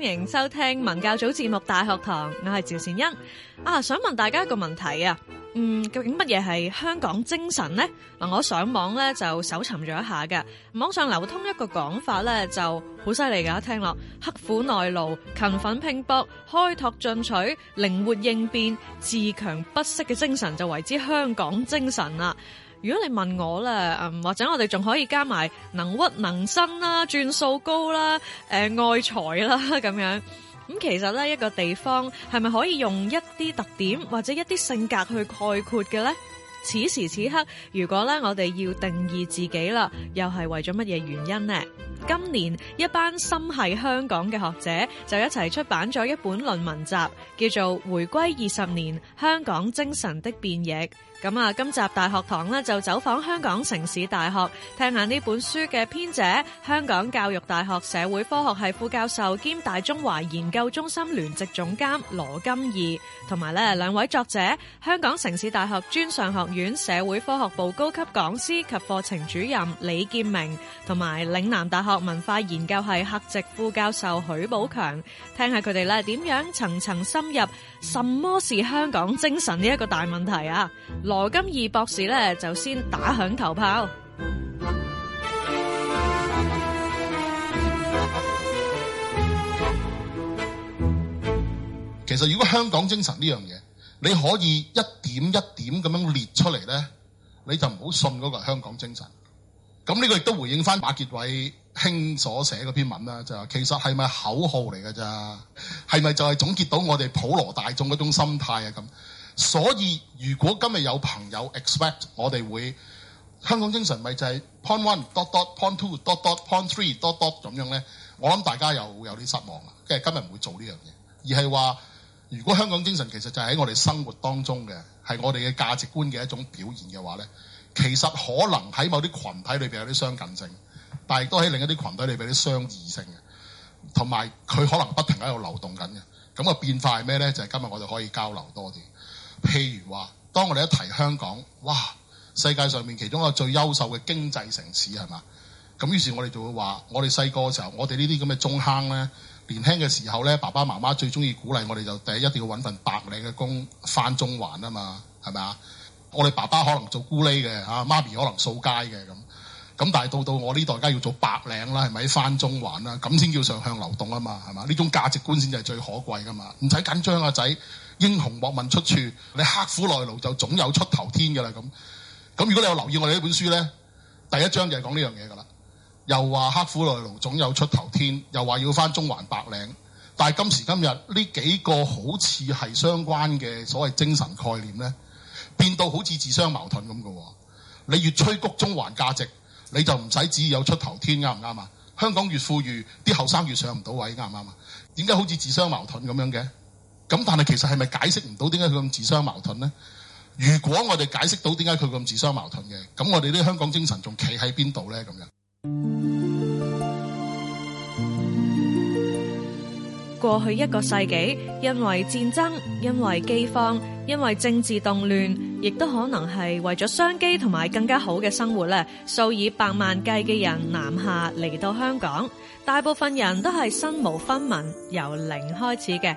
歡迎收聽文教組節目《大學堂》，我係趙善恩啊，想問大家一個問題啊，嗯，究竟乜嘢係香港精神呢？嗱，我上網咧，就搜尋咗一下嘅。網上流通一個講法咧就好犀利㗎，聽落刻苦耐勞、勤奮拼搏、開拓進取、靈活應變、自強不息嘅精神就為之香港精神啦。如果你問我啦，嗯，或者我哋仲可以加埋能屈能伸啦、轉數高啦、誒、呃、愛財啦咁樣，咁、嗯、其實咧一個地方係咪可以用一啲特點或者一啲性格去概括嘅呢？此時此刻，如果咧我哋要定義自己啦，又係為咗乜嘢原因呢？今年一班心係香港嘅學者就一齊出版咗一本論文集，叫做《回歸二十年香港精神的變異》。咁啊，今集大學堂咧就走訪香港城市大學，聽下呢本書嘅編者香港教育大學社會科學系副教授兼大中華研究中心聯席總監羅金義，同埋咧兩位作者香港城市大學專上學院社會科學部高級講師及課程主任李建明，同埋嶺南大學文化研究係客席副教授許寶強，聽下佢哋咧點樣層層深入，什麼是香港精神呢一個大問題啊！羅金義博士咧就先打響頭炮。其實如果香港精神呢樣嘢，你可以一點一點咁樣列出嚟呢，你就唔好信嗰個香港精神。咁呢個亦都回應翻馬傑偉兄所寫嗰篇文啦，就話其實係咪口號嚟嘅咋？係咪就係總結到我哋普羅大眾嗰種心態啊咁？所以，如果今日有朋友 expect 我哋會香港精神咪就係 point one dot dot point two dot dot point three dot dot 咁樣咧，我諗大家又會有啲失望啦，即係今日唔會做呢樣嘢。而係話如果香港精神其實就係喺我哋生活當中嘅，係我哋嘅價值觀嘅一種表現嘅話咧，其實可能喺某啲群體裏邊有啲相近性，但係都喺另一啲群體裏邊有啲相異性嘅，同埋佢可能不停喺度流動緊嘅。咁個變化係咩咧？就係今日我哋可以交流多啲。譬如話，當我哋一提香港，哇！世界上面其中一個最優秀嘅經濟城市係嘛？咁於是我，我哋就會話，我哋細個嘅時候，我哋呢啲咁嘅中坑呢，年輕嘅時候呢，爸爸媽媽最中意鼓勵我哋就第一,一定要揾份白領嘅工翻中環啊嘛，係咪啊？我哋爸爸可能做咕喱嘅嚇，媽咪可能掃街嘅咁。咁、啊、但係到到我呢代，而家要做白領啦，係咪翻中環啦？咁先叫上向流動啊嘛，係嘛？呢種價值觀先就係最可貴噶嘛，唔使緊張啊仔。英雄莫問出處，你刻苦耐勞就總有出頭天嘅啦。咁咁，如果你有留意我哋呢本書呢，第一章就係講呢樣嘢嘅啦。又話刻苦耐勞總有出頭天，又話要返中環白領。但係今時今日呢幾個好似係相關嘅所謂精神概念呢，變到好似自相矛盾咁嘅喎。你越吹谷中環價值，你就唔使只有出頭天啱唔啱啊？香港越富裕，啲後生越上唔到位啱唔啱啊？點解好似自相矛盾咁樣嘅？咁但係其實係咪解釋唔到點解佢咁自相矛盾呢？如果我哋解釋到點解佢咁自相矛盾嘅，咁我哋啲香港精神仲企喺邊度呢？咁樣，過去一個世紀，因為戰爭，因為饑荒，因為政治動亂，亦都可能係為咗商機同埋更加好嘅生活咧，數以百萬計嘅人南下嚟到香港，大部分人都係身無分文，由零開始嘅。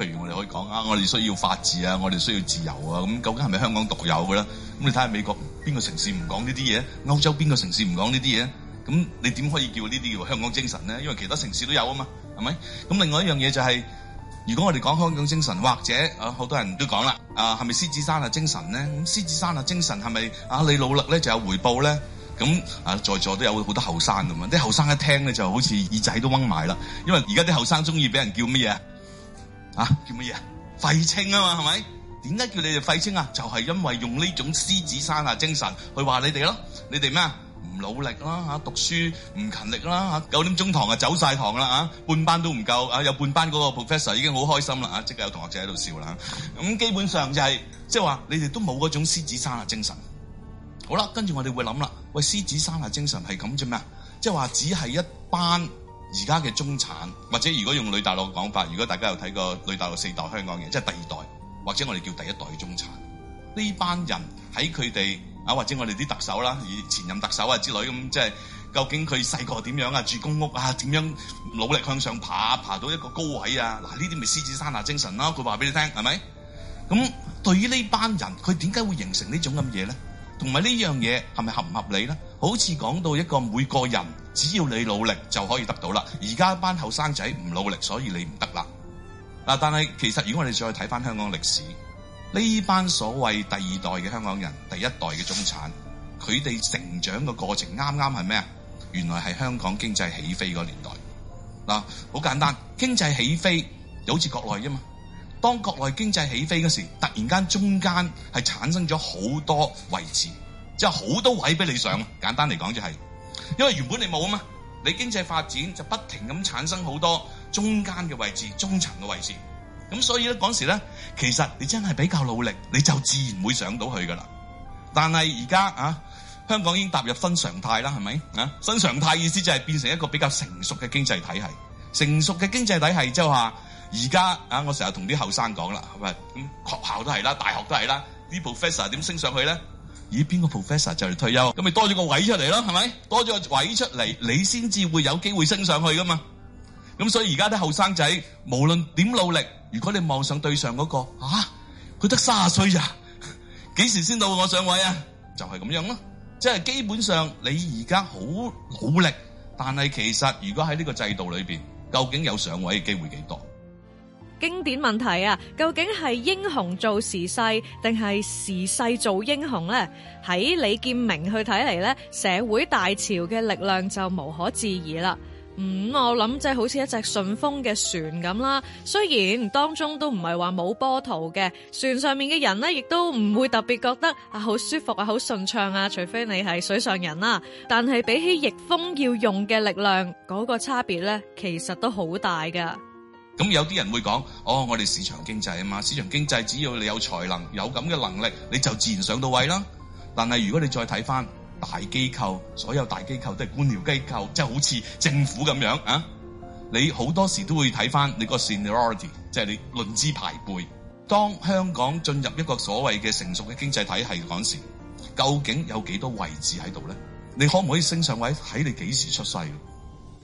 譬如我哋可以講啊，我哋需要法治啊，我哋需要自由啊，咁究竟係咪香港獨有嘅咧？咁你睇下美國邊個城市唔講呢啲嘢？歐洲邊個城市唔講呢啲嘢？咁你點可以叫呢啲叫香港精神咧？因為其他城市都有啊嘛，係咪？咁另外一樣嘢就係，如果我哋講香港精神，或者啊好多人都講啦，啊係咪獅子山啊精神咧？咁獅子山啊精神係咪啊你努力咧就有回報咧？咁啊在座都有好多後生咁樣，啲後生一聽咧就好似耳仔都掹埋啦，因為而家啲後生中意俾人叫乜嘢？啊叫乜嘢啊？廢青啊嘛，係咪？點解叫你哋廢青啊？就係、是、因為用呢種獅子山下精神去話你哋咯，你哋咩啊？唔努力啦嚇、啊，讀書唔勤力啦嚇、啊，九點鐘堂就走啊走晒堂啦嚇，半班都唔夠啊，有半班嗰個 professor 已經好開心啦嚇、啊，即刻有同學仔喺度笑啦咁、啊、基本上就係即係話你哋都冇嗰種獅子山下精神。好啦，跟住我哋會諗啦，喂，獅子山下精神係咁啫咩，即係話只係一班。而家嘅中產，或者如果用呂大樂嘅講法，如果大家有睇過呂大樂四代香港嘅，即係第二代，或者我哋叫第一代嘅中產，呢班人喺佢哋啊，或者我哋啲特首啦，以前任特首啊之類咁，即係究竟佢細個點樣啊，住公屋啊，點樣努力向上爬，爬到一個高位啊，嗱，呢啲咪獅子山下精神咯，佢話俾你聽係咪？咁對於呢班人，佢點解會形成呢種咁嘢咧？同埋呢樣嘢係咪合唔合理咧？好似講到一個每個人只要你努力就可以得到啦。而家班後生仔唔努力，所以你唔得啦。嗱，但係其實如果我哋再睇翻香港歷史，呢班所謂第二代嘅香港人、第一代嘅中產，佢哋成長嘅過程啱啱係咩啊？原來係香港經濟起飛個年代。嗱，好簡單，經濟起飛就好似國內啫嘛。當國內經濟起飛嗰時，突然間中間係產生咗好多位置。即係好多位俾你上，簡單嚟講就係、是，因為原本你冇啊嘛，你經濟發展就不停咁產生好多中間嘅位置、中層嘅位置，咁所以咧嗰時咧，其實你真係比較努力，你就自然會上到去㗎啦。但係而家啊，香港已經踏入新常態啦，係咪啊？新常態意思就係變成一個比較成熟嘅經濟體系，成熟嘅經濟體系即係話，而家啊，我成日同啲後生講啦，係咪？咁學校都係啦，大學都係啦，啲 professor 點升上去咧？咦，邊個 professor 就嚟退休咁，咪多咗個位出嚟咯？係咪多咗個位出嚟，你先至會有機會升上去噶嘛？咁所以而家啲後生仔無論點努力，如果你望上對上嗰個，吓？佢得卅歲咋？ 幾時先到我上位啊？就係咁樣咯，即係基本上你而家好努力，但係其實如果喺呢個制度裏邊，究竟有上位嘅機會幾多？經典問題啊，究竟係英雄做時勢，定係時勢做英雄呢？喺李建明去睇嚟呢，社會大潮嘅力量就無可置疑啦。嗯，我諗就好似一隻順風嘅船咁啦，雖然當中都唔係話冇波濤嘅，船上面嘅人呢，亦都唔會特別覺得啊好舒服啊，好順暢啊，除非你係水上人啦。但係比起逆風要用嘅力量，嗰個差別呢，其實都好大噶。咁有啲人會講：哦，我哋市場經濟啊嘛，市場經濟只要你有才能、有咁嘅能力，你就自然上到位啦。但係如果你再睇翻大機構，所有大機構都係官僚機構，即係好似政府咁樣啊、嗯。你好多時都會睇翻你個 seniority，即係你論資排輩。當香港進入一個所謂嘅成熟嘅經濟體系嗰時，究竟有幾多位置喺度咧？你可唔可以升上位？喺你幾時出世。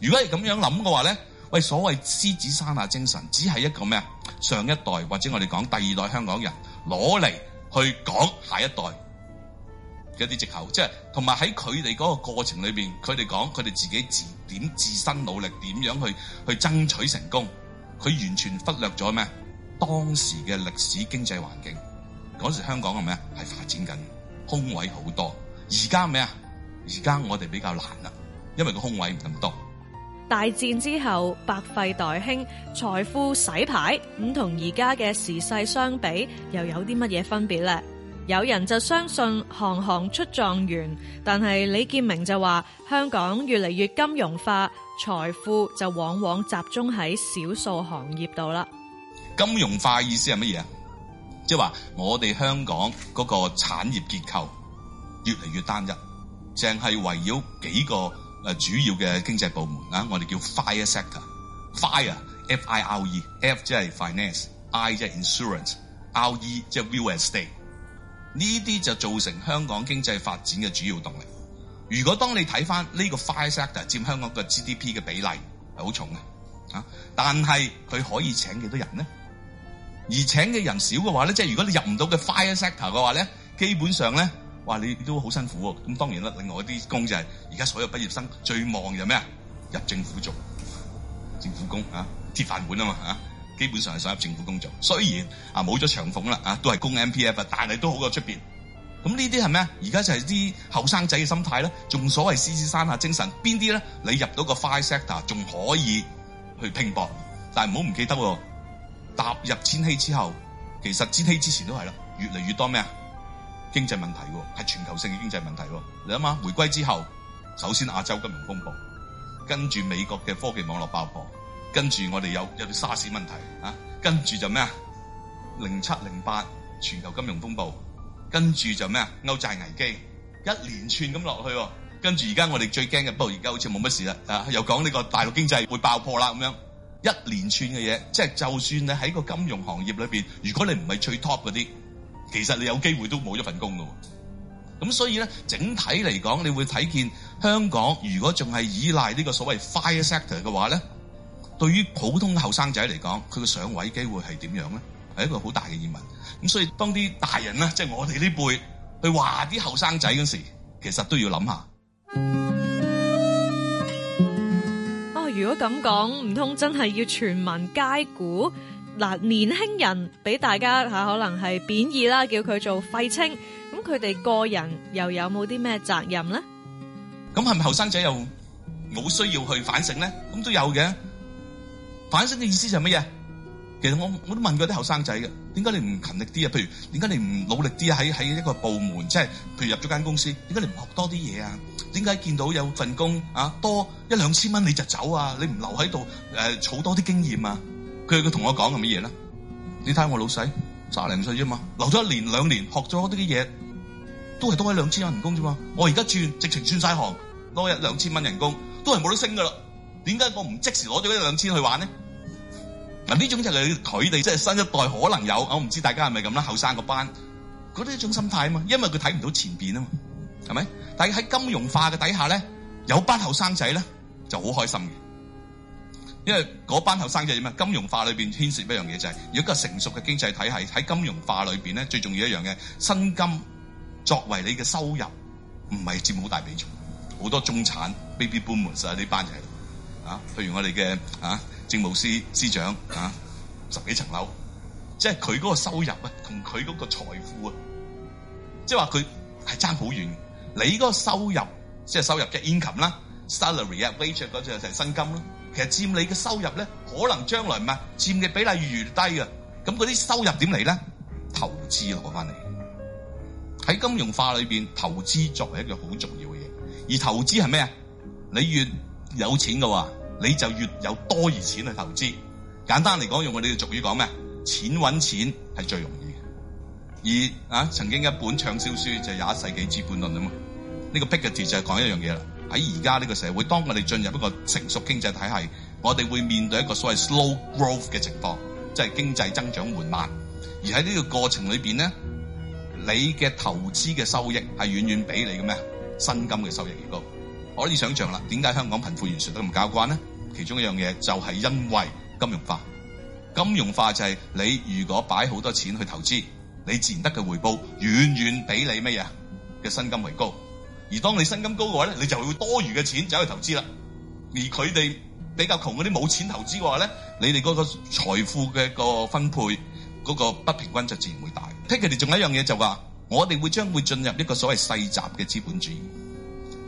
如果係咁樣諗嘅話咧？喂，所謂獅子山下精神，只係一個咩啊？上一代或者我哋講第二代香港人攞嚟去講下一代嘅一啲藉口，即係同埋喺佢哋嗰個過程裏邊，佢哋講佢哋自己自點自身努力點樣去去爭取成功，佢完全忽略咗咩？當時嘅歷史經濟環境，嗰時香港係咩？係發展緊，空位好多。而家咩啊？而家我哋比較難啦，因為個空位唔咁多。大戰之後，百廢待興，財富洗牌咁，同而家嘅時勢相比，又有啲乜嘢分別咧？有人就相信行行出狀元，但係李建明就話香港越嚟越金融化，財富就往往集中喺少數行業度啦。金融化意思係乜嘢啊？即係話我哋香港嗰個產業結構越嚟越單一，淨係圍繞幾個。誒主要嘅經濟部門啊，我哋叫 fire sector，fire，F-I-R-E，F 即係 finance，I 即係 insurance，L-E 即係 real estate。呢啲就造成香港經濟發展嘅主要動力。如果當你睇翻呢個 fire sector 佔香港嘅 GDP 嘅比例係好重嘅，嚇，但係佢可以請幾多人咧？而請嘅人少嘅話咧，即係如果你入唔到嘅 fire sector 嘅話咧，基本上咧。哇！你都好辛苦喎、啊，咁當然啦。另外一啲工就係而家所有畢業生最忙就咩啊？入政府做政府工啊，鐵飯碗嘛啊嘛嚇，基本上係想入政府工作。雖然啊冇咗長俸啦啊，都係供 M P F 啊，但係都好過出邊。咁呢啲係咩啊？而家就係啲後生仔嘅心態啦，仲所謂獅子山下精神邊啲咧？你入到個 Five Sector 仲可以去拼搏，但係唔好唔記得喎、哦。踏入千禧之後，其實千禧之前都係啦，越嚟越多咩啊？經濟問題喎，係全球性嘅經濟問題喎。你諗下，回歸之後，首先亞洲金融風暴，跟住美國嘅科技網絡爆破，跟住我哋有有啲沙士問題啊，跟住就咩啊？零七零八全球金融風暴，跟住就咩啊？歐債危機，一連串咁落去喎。跟住而家我哋最驚嘅，不過而家好似冇乜事啦。啊，又講呢個大陸經濟會爆破啦咁樣，一連串嘅嘢，即係就算你喺個金融行業裏邊，如果你唔係最 top 嗰啲。其實你有機會都冇咗份工咯，咁所以咧，整體嚟講，你會睇見香港如果仲係依賴呢個所謂 fire sector 嘅話咧，對於普通後生仔嚟講，佢嘅上位機會係點樣咧？係一個好大嘅疑問。咁所以當啲大人啦，即係我哋呢輩去話啲後生仔嗰時，其實都要諗下。哦，如果咁講，唔通真係要全民皆股？嗱，年輕人俾大家嚇可能係貶義啦，叫佢做廢青。咁佢哋個人又有冇啲咩責任咧？咁係咪後生仔又冇需要去反省咧？咁都有嘅。反省嘅意思就係乜嘢？其實我我都問過啲後生仔嘅，點解你唔勤力啲啊？譬如點解你唔努力啲啊？喺喺一個部門，即係譬如入咗間公司，點解你唔學多啲嘢啊？點解見到有份工啊，多一兩千蚊你就走啊？你唔留喺度誒，儲多啲經驗啊？佢佢同我講係乜嘢咧？你睇下我老細，卅零歲啫嘛，留咗一年兩年，學咗啲嘅嘢，都係多咗兩千蚊人工啫嘛。我而家轉，直情轉晒行，多一兩千蚊人工，都係冇得升噶啦。點解我唔即時攞咗呢兩千去玩咧？嗱，呢種就係佢哋即係新一代可能有，我唔知大家係咪咁啦，後生個班嗰一種心態啊嘛，因為佢睇唔到前邊啊嘛，係咪？但係喺金融化嘅底下咧，有班後生仔咧就好開心嘅。因為嗰班後生仔點啊？金融化裏邊牽涉一樣嘢就係、是，如果個成熟嘅經濟體系喺金融化裏邊咧，最重要一樣嘅薪金作為你嘅收入，唔係佔好大比重。好多中產 baby boomers 呢班人係啊。譬如我哋嘅啊，政務司司長啊，十幾層樓，即係佢嗰個收入啊，同佢嗰個財富啊，即係話佢係爭好遠。你嗰個收入即係收入嘅 income 啦，salary 啊，wage 嗰隻就係薪金咯。其實佔你嘅收入咧，可能將來唔係佔嘅比例越嚟越低㗎。咁嗰啲收入點嚟咧？投資攞翻嚟喺金融化裏邊，投資作為一個好重要嘅嘢。而投資係咩啊？你越有錢嘅話，你就越有多餘錢去投資。簡單嚟講，用我哋嘅俗語講咩？錢揾錢係最容易嘅。而啊，曾經一本暢銷書就係《廿一世紀資本論》啊嘛，呢個標題就係講一樣嘢啦。喺而家呢個社會，當我哋進入一個成熟經濟體系，我哋會面對一個所謂 slow growth 嘅情況，即係經濟增長緩慢。而喺呢個過程裏邊咧，你嘅投資嘅收益係遠遠比你嘅咩薪金嘅收益越高。可以想象啦，點解香港貧富懸殊得咁交關咧？其中一樣嘢就係因為金融化。金融化就係你如果擺好多錢去投資，你自然得嘅回報遠遠比你咩嘢嘅薪金為高。而當你薪金高嘅話咧，你就會多餘嘅錢走去投資啦。而佢哋比較窮嗰啲冇錢投資嘅話咧，你哋嗰個財富嘅個分配嗰、嗰個不平均就自然會大。Piketty 佢哋仲有一樣嘢就話、係，我哋會將會進入一個所謂世襲嘅資本主義。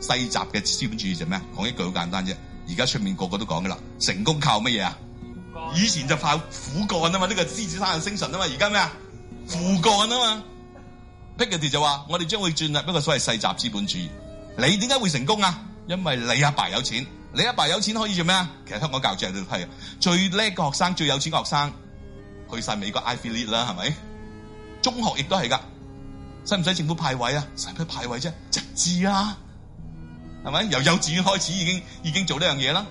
世襲嘅資本主義就咩？講一句好簡單啫。而家出面個個都講㗎喇，成功靠乜嘢啊？以前就靠苦幹啊嘛，呢、呢個獅子山嘅精神啊嘛。而家咩啊？父幹啊嘛。就話：我哋將會轉啦，一個所謂細集資本主義，你點解會成功啊？因為你阿爸，爸有錢，你阿爸，爸有錢可以做咩啊？其實香港教育係最叻嘅學生，最有錢嘅學生去晒美國 Ivy League 啦，係咪？中學亦都係噶，使唔使政府派位啊？使唔使派位啫？集資啊，係咪？由幼稚園開始已經已經做呢樣嘢啦，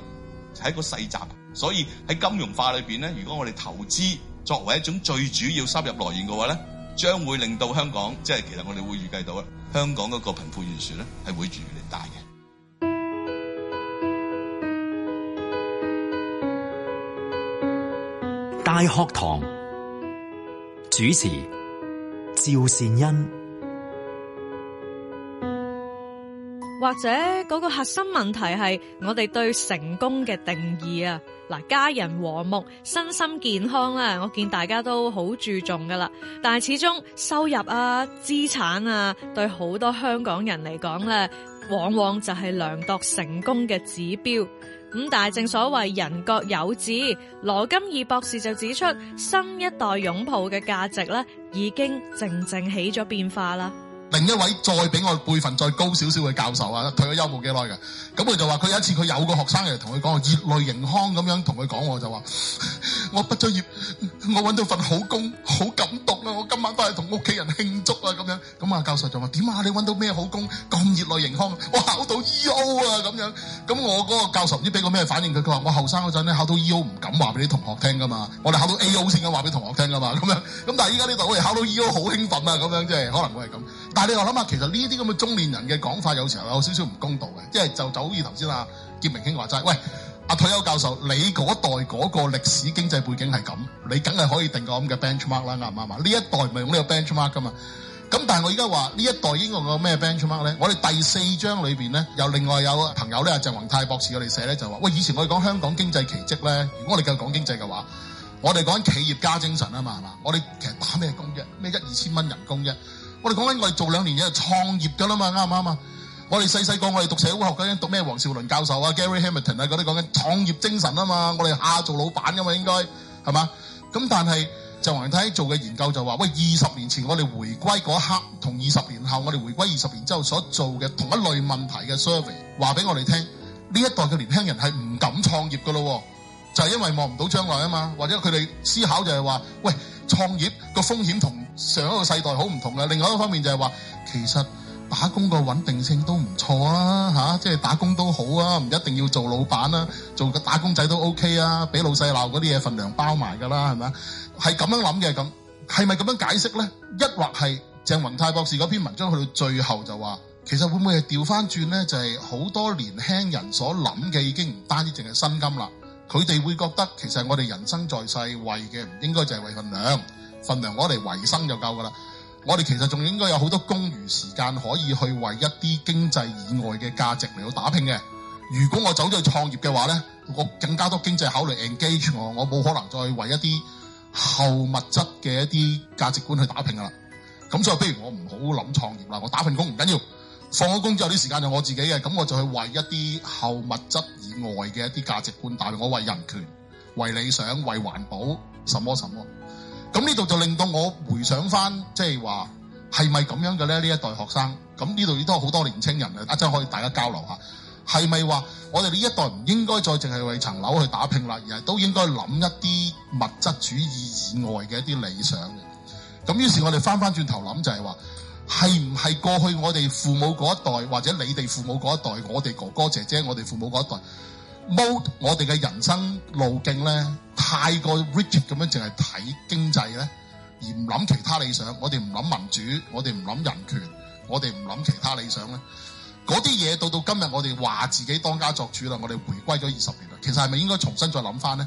就係、是、一個細集，所以喺金融化裏邊咧，如果我哋投資作為一種最主要收入來源嘅話咧。將會令到香港，即係其實我哋會預計到啦，香港嗰個貧富懸殊咧，係會越嚟越大嘅。大學堂主持趙善恩。或者嗰個核心問題係我哋對成功嘅定義啊，嗱，家人和睦、身心健康啦，我見大家都好注重噶啦。但係始終收入啊、資產啊，對好多香港人嚟講咧，往往就係量度成功嘅指標。咁但係正所謂人各有志，羅金義博士就指出，新一代擁抱嘅價值咧，已經靜靜起咗變化啦。另一位再俾我輩分再高少少嘅教授啊，退咗休冇幾耐㗎，咁佢就話：佢有一次佢有個學生嚟同佢講，熱淚盈眶咁樣同佢講，我就話。 我畢咗業，我搵到份好工，好感動啊！我今晚翻去同屋企人慶祝啊！咁樣咁啊，教授就話：點啊？你搵到咩好工？咁熱淚盈眶！我考到 E O 啊！咁樣咁我嗰個教授唔知俾個咩反應佢，佢話我後生嗰陣咧考到 E O 唔敢話俾啲同學聽噶嘛，我哋考到 A O 先敢話俾同學聽噶嘛，咁樣咁但係依家呢度我哋考到 E O 好興奮啊！咁樣即係可能會係咁，但係你又諗下，其實呢啲咁嘅中年人嘅講法，有時候有少少唔公道嘅，即係就是，就好似頭先啊傑明兄話齋，喂，阿退休教授，你嗰代嗰個歷史經濟背景係咁，你梗係可以定個咁嘅 benchmark 啦，啱唔啱啊？呢一代唔係用呢個 benchmark 噶嘛。咁但係我而家話呢一代應該用個咩 benchmark 咧？我哋第四章裏邊咧，有另外有朋友咧，阿、啊、鄭宏泰博士我哋寫咧就話：喂，以前我哋講香港經濟奇蹟咧，如果我哋繼續講經濟嘅話，我哋講企業家精神啊嘛，係嘛？我哋其實打咩工啫？咩一二千蚊人工啫？我哋講緊我哋做兩年嘢就創業㗎啦嘛，啱唔啱啊？我哋細細個，我哋讀社會學嗰陣，讀咩黃紹倫教授啊、Gary Hamilton 啊嗰啲講緊創業精神啊嘛。我哋下做老闆噶嘛，應該係嘛？咁但係就黃雲梯做嘅研究就話：喂，二十年前我哋回歸嗰刻，同二十年後我哋回歸二十年之後所做嘅同一類問題嘅 survey，話俾我哋聽，呢一代嘅年輕人係唔敢創業噶咯，就係、是、因為望唔到將來啊嘛。或者佢哋思考就係話：喂，創業個風險同上一個世代好唔同嘅。另外一個方面就係話，其實。打工個穩定性都唔錯啊！嚇、啊，即係打工都好啊，唔一定要做老闆啊，做個打工仔都 OK 啊，俾老細鬧嗰啲嘢份糧包埋㗎啦，係咪啊？係咁樣諗嘅咁，係咪咁樣解釋呢？一或係鄭雲泰博士嗰篇文章去到最後就話，其實會唔會係調翻轉呢？就係、是、好多年輕人所諗嘅已經唔單止淨係薪金啦，佢哋會覺得其實我哋人生在世為嘅唔應該就係為份糧，份糧攞嚟維生就夠㗎啦。我哋其實仲應該有好多公餘時間可以去為一啲經濟以外嘅價值嚟到打拼嘅。如果我走咗去創業嘅話呢，我更加多經濟考慮 engage 我，我冇可能再為一啲後物質嘅一啲價值觀去打拼噶啦。咁所以不如我唔好諗創業啦，我打份工唔緊要，放咗工之後啲時間就我自己嘅，咁我就去為一啲後物質以外嘅一啲價值觀打拼，但我為人權、為理想、為環保，什麼什麼。咁呢度就令到我回想翻，即係話係咪咁樣嘅呢？呢一代學生，咁呢度亦都好多年青人嘅，一陣可以大家交流下，係咪話我哋呢一代唔應該再淨係為層樓去打拼啦，而係都應該諗一啲物質主義以外嘅一啲理想嘅？咁於是我哋翻翻轉頭諗就係話，係唔係過去我哋父母嗰一代，或者你哋父母嗰一代，我哋哥哥姐姐，我哋父母嗰一代？m 冇我哋嘅人生路徑呢，太過 rigid 咁樣，淨係睇經濟呢，而唔諗其他理想。我哋唔諗民主，我哋唔諗人權，我哋唔諗其他理想呢。嗰啲嘢到到今日，我哋話自己當家作主啦，我哋回歸咗二十年啦，其實係咪應該重新再諗翻呢？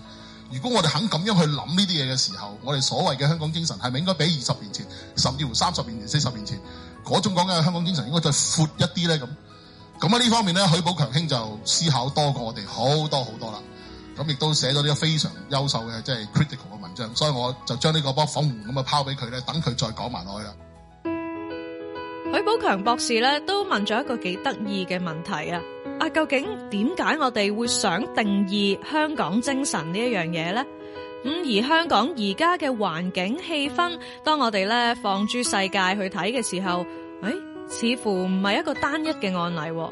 如果我哋肯咁樣去諗呢啲嘢嘅時候，我哋所謂嘅香港精神係咪應該比二十年前，甚至乎三十年前、四十年前嗰種講嘅香港精神，應該再闊一啲呢？咁？咁喺呢方面咧，許寶強兄就思考多過我哋好多好多啦。咁亦都寫咗啲非常優秀嘅，即係 critical 嘅文章。所以我就將呢個波火咁啊拋俾佢咧，等佢再講埋落去啦。許寶強博士咧都問咗一個幾得意嘅問題啊！啊，究竟點解我哋會想定義香港精神一呢一樣嘢咧？咁、嗯、而香港而家嘅環境氣氛，當我哋咧放諸世界去睇嘅時候，誒、哎。似乎唔係一個單一嘅案例，哦。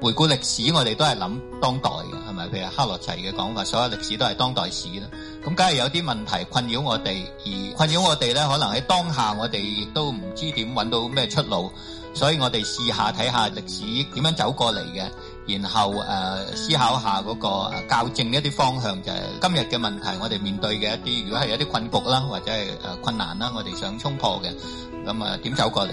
回顧歷史，我哋都係諗當代嘅，係咪？譬如克洛齊嘅講法，所有歷史都係當代史啦。咁，梗係有啲問題困擾我哋，而困擾我哋咧，可能喺當下我哋亦都唔知點搵到咩出路，所以我哋試下睇下歷史點樣走過嚟嘅，然後誒、呃、思考下嗰、那個校正一啲方向，就係、是、今日嘅問題，我哋面對嘅一啲，如果係有啲困局啦，或者係誒困難啦，我哋想沖破嘅，咁啊點走過嚟？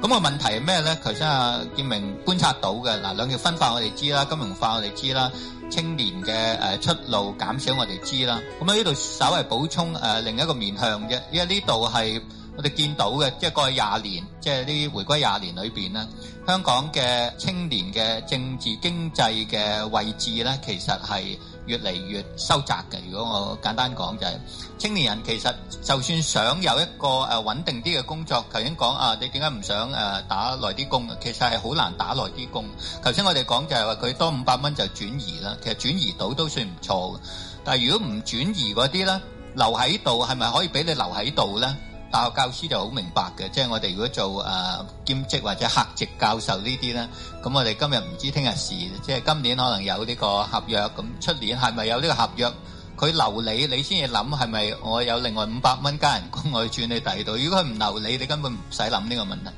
咁個問題係咩咧？頭先阿建明觀察到嘅，嗱、啊、兩極分化我哋知啦，金融化我哋知啦，青年嘅誒、呃、出路減少我哋知啦。咁咧，呢度稍為補充誒、呃、另一個面向啫，因為呢度係。我哋見到嘅即係過去廿年，即係啲回歸廿年裏邊咧，香港嘅青年嘅政治經濟嘅位置咧，其實係越嚟越收窄嘅。如果我簡單講就係，青年人其實就算想有一個誒穩定啲嘅工作，頭先講啊，你點解唔想誒打耐啲工？其實係好難打耐啲工。頭先我哋講就係話佢多五百蚊就轉移啦，其實轉移到都算唔錯。但係如果唔轉移嗰啲咧，留喺度係咪可以俾你留喺度咧？大學教師就好明白嘅，即係我哋如果做誒、呃、兼職或者客席教授呢啲咧，咁我哋今日唔知聽日事，即係今年可能有呢個合約，咁出年係咪有呢個合約？佢留你，你先至諗係咪我有另外五百蚊加人工我轉你第二度？如果佢唔留你，你根本唔使諗呢個問題。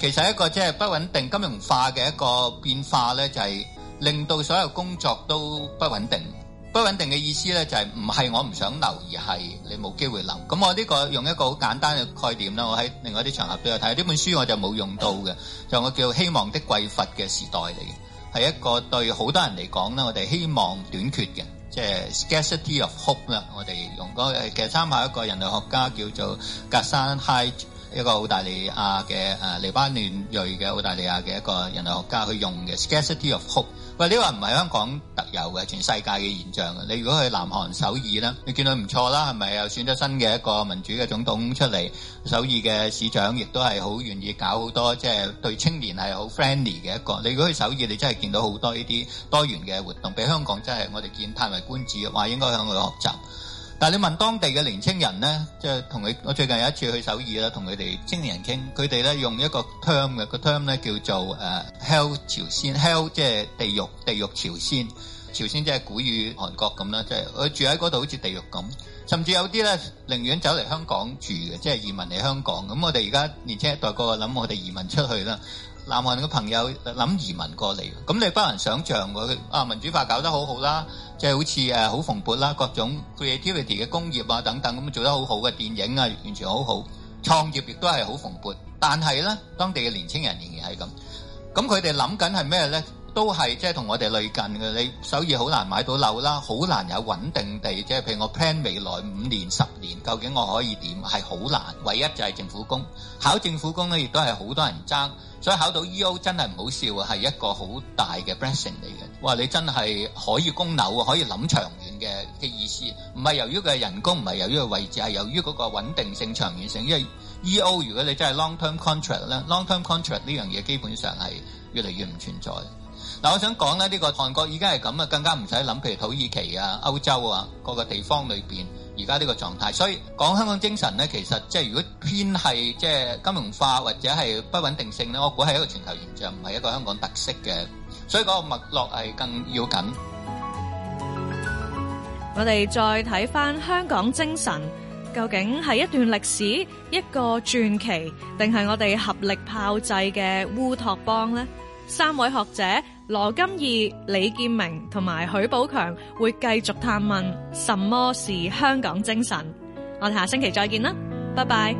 其實一個即係不穩定金融化嘅一個變化咧，就係、是、令到所有工作都不穩定。不穩定嘅意思咧，就係唔係我唔想留，而係你冇機會留。咁我呢個用一個好簡單嘅概念啦。我喺另外啲場合都有睇，呢本書我就冇用到嘅，就我叫希望的匱乏嘅時代嚟嘅，係一個對好多人嚟講咧，我哋希望短缺嘅，即係 scarcity of hope 啦。我哋用嗰，其實參考一個人類學家叫做格山嗨，一個澳大利亞嘅誒黎巴嫩裔嘅澳大利亞嘅一個人類學家去用嘅 scarcity of hope。喂，呢個唔係香港特有嘅，全世界嘅現象嘅。你如果去南韓首爾啦，你見到唔錯啦，係咪又選咗新嘅一個民主嘅總統出嚟？首爾嘅市長亦都係好願意搞好多，即係對青年係好 friendly 嘅一個。你如果去首爾，你真係見到好多呢啲多元嘅活動，比香港真係我哋見歎為觀止，話應該向佢學習。但你問當地嘅年青人咧，即係同佢，我最近有一次去首爾啦，同佢哋青年人傾，佢哋咧用一個 term 嘅個 term 咧叫做誒、uh, Hell 朝鮮 Hell 即係地獄，地獄朝鮮，朝鮮即係古語韓國咁啦，即係佢住喺嗰度好似地獄咁，甚至有啲咧寧願走嚟香港住嘅，即係移民嚟香港。咁我哋而家年青一代個諗，我哋移民出去啦，南韓嘅朋友諗移民過嚟，咁你不能想象佢啊民主化搞得好好啦。就好似誒好蓬勃啦，各種 creativity 嘅工業啊等等咁，做得好好嘅電影啊，完全好好。創業亦都係好蓬勃，但係咧，當地嘅年輕人仍然係咁。咁佢哋諗緊係咩咧？都係即係同我哋類近嘅。你首爾好難買到樓啦，好難有穩定地。即係譬如我 plan 未來五年十年，究竟我可以點，係好難。唯一就係政府工，考政府工咧，亦都係好多人爭，所以考到 E.O. 真係唔好笑啊，係一個好大嘅 blessing 嚟嘅。哇！你真係可以供樓可以諗長遠嘅嘅意思，唔係由於佢人工，唔係由於佢位置，係由於嗰個穩定性、長遠性。因為 E.O. 如果你真係 long term contract 咧，long term contract 呢樣嘢基本上係越嚟越唔存在。嗱，我想講咧，呢個韓國而家係咁啊，更加唔使諗。譬如土耳其啊、歐洲啊，各個地方裏邊，而家呢個狀態，所以講香港精神咧，其實即係如果偏係即係金融化或者係不穩定性咧，我估係一個全球現象，唔係一個香港特色嘅。所以嗰個脈絡係更要緊。我哋再睇翻香港精神，究竟係一段歷史、一個傳奇，定係我哋合力炮製嘅烏托邦咧？三位學者。羅金義、李建明同埋許寶強會繼續探問什麼是香港精神。我哋下星期再見啦，拜拜。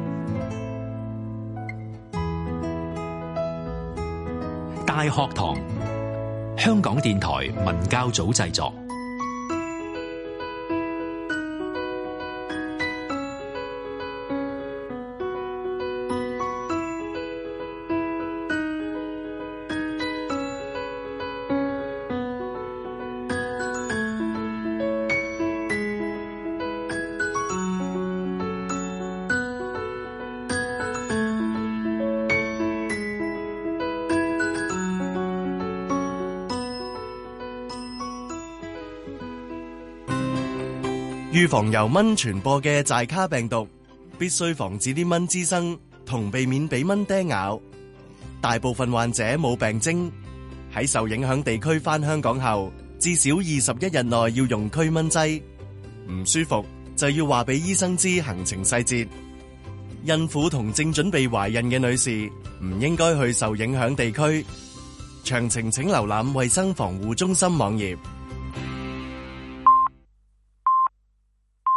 大學堂，香港電台文教組製作。預防由蚊傳播嘅寨卡病毒，必須防止啲蚊滋生，同避免俾蚊叮咬。大部分患者冇病徵，喺受影響地區返香港後，至少二十一日內要用驅蚊劑。唔舒服就要話俾醫生知行程細節。孕婦同正準備懷孕嘅女士唔應該去受影響地區。詳情請瀏覽衛生防護中心網頁。